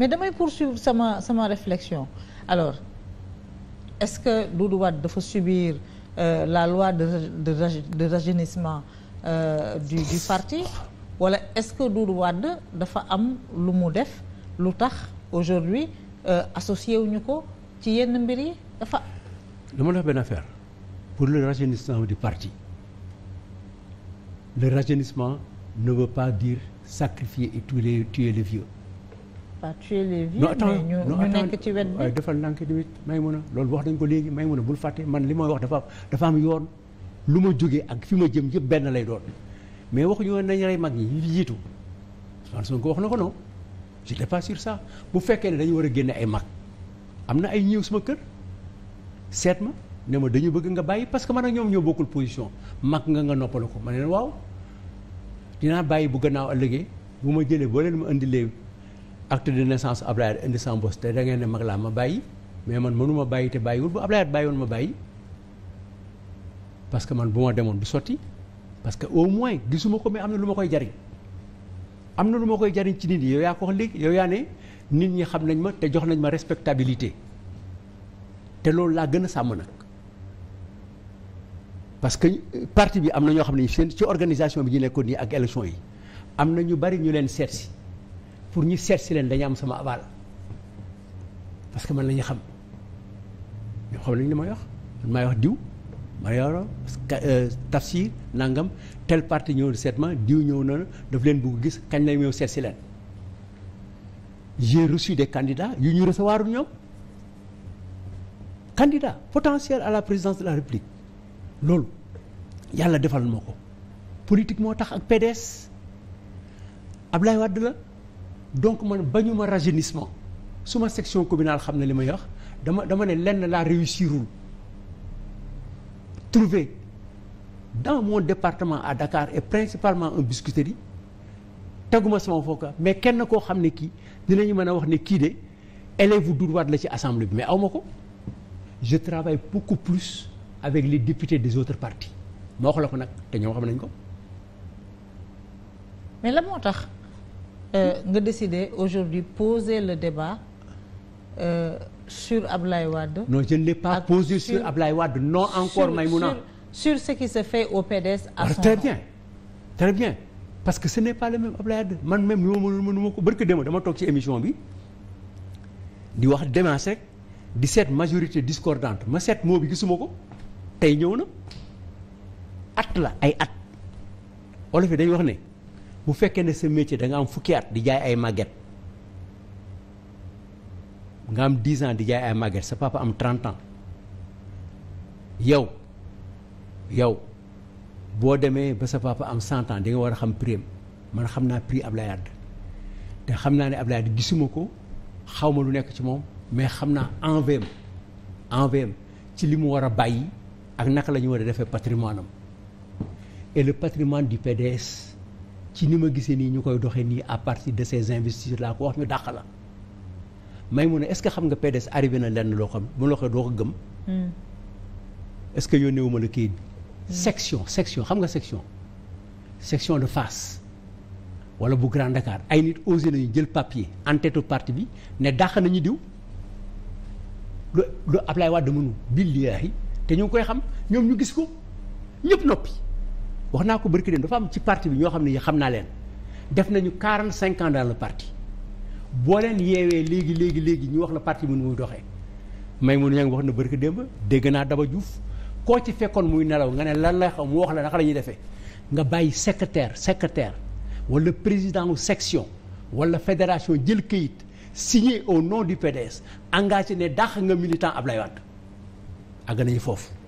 mais damay poursuivre sama sama réflexion alors est-ce que Doudou dafa subir euh, la loi de de de rajeunissement euh, du du parti wala est-ce que Doudou Wade dafa am lu mu def lu tax aujourd'hui euh, associé wuñu ko ci yenn mbir yi dafa. dama la benn affaire pour le rajeunissement du parti le rajeunissement ne veut pas dire sacrifier et tuer les, tuer les pas tuer les vieux. nekk ci wet bi defal ndànk tamit may mun a loolu wax nañ ko léegi may mun a bul fàttee man li ma wax dafa dafa am yoon lu ma jóge ak fi ma jëm yëpp benn lay doon mais waxuñu woon nañ rey mag ñi ñu fi jiitu Ousmane Sonko wax na ko non j'étais pas sûr ça bu fekkee ne dañu war a génne ay mag am na ay ñëw suma kër seet ma ne ma dañu bëgg nga bàyyi parce que man ak ñoom ñoo bokkul position mag nga nga noppalu ko ma ne waaw dinaa bàyyi bu gannaaw ëllëgee bu ma jëlee boo leen ma indilee. acte de naissance Ablaye indi sa te da ngeen ne mag laa ma bàyyi mais man mënuma bàyyi te bàyyiwul bu Ablaye bàyyiwoon ma bàyyi parce que man bu ma demoon du sotti parce que au moins gisuma ko mais am na lu ma koy jariñ am na lu ma koy jariñ ci nit yi yow yaa ko wax léegi yow yaa ne nit ñi xam nañ ma te jox nañ ma respectabilité te loolu laa gën a sàmm nag parce que parti bi am na ñoo xam ne seen ci organisation bi ñu nekkoon nii ak élection yi am na ñu bari ñu leen seet si pour ñu seet si leen dañu am sama aval parce que man la xam ñoo xam lañu li may wax man maay wax diw ma yoro euh, tafsir nangam tel parti ñëw seet ma diw ñëw na daf leen bugg gis kañ la ñëw seet si leen j'ai reçu des candidats yu ñu recevoir ñoom candidat potentiel à la présidence de la République loolu yàlla defal ma ko politique moo tax ak PDS Ablaye Wade la donc man bañu ma rajeunissement suma section communal xam na li may wax dama dama ne lenn laa réussirul trouver dans mon département à Dakar et principalement en biscuiterie teguma sama fooka mais kenn koo xam ne kii dinañu mën a wax ne kii de élève Doudou Wade la ci assemblée bi mais awma ko je travaille beaucoup plus avec les députés des autres partis ma wax la ko nag te ñoo xam nañ ko mais la moo tax Euh, nga décider aujourd'hui poser le débat euh, sur ab Wade. non je ne l'ai pas posé sur, sur Ablaye Wade non encore Maïmouna. sur sur ce qui se fait au PDS. à son très bien parce que ce n'est pas le même Ablaye Wade man même nu ma nu ma ko barke démb dama toog ci émission bi di wax démence rek di seet majorité discordante ma seet moo bi gisuma ko tey ñëw na at la ay at olof yi wax ne. bu fekkee ne sa métier da nga am fukki at di jaay ay màgget nga am 10 ans di jaay ay màgget sa papa am 30 ans yow yow boo demee ba sa papa am cent ans di nga war a xam prix man xam naa prix Ablaye Wade te xam naa ne ab Ablaye Wade gisuma ko xaw ma lu nekk ci moom mais xam naa envem envem ci li mu war a bàyyi ak naka la ñu war a defee patrimoine am et le patrimoine du PDS. ci ni ma gisee nii ñu koy doxee nii à partir de ces investisseurs laa ko wax ñu dàq la may mu ne est-ce que xam nga PDS arrivé na lenn loo xam bu la waxee doo ko gëm. Hmm. est-ce que yónnee wu ma la kayit hmm. section section xam nga section. section de Fass wala bu Grand Dakar ay nit osé nañu jël papier en tête parti bi ne dàq nañu diw lu lu Ablaye Wade mënu billaahi te ñu ngi koy xam ñoom ñu gis ko ñëpp noppi. wax naa ko barki dem dafa am ci parti bi ñoo xam ne xam naa leen def nañu quarante cinquant ans dans le parti boo leen yeewee léegi léegi léegi ñu wax la parti bi muy doxee may mun ña ngi wax na barki démb dégg naa Daba Diouf koo ci fekkoon muy nelaw nga ne lan la xam mu wax la naka la ñuy defee nga bàyyi secrétaire secrétaire wala président wu section wala fédération jël kayit signé au non du PDS engagé ne dàq nga militant Ablaye Wade àgg nañu foofu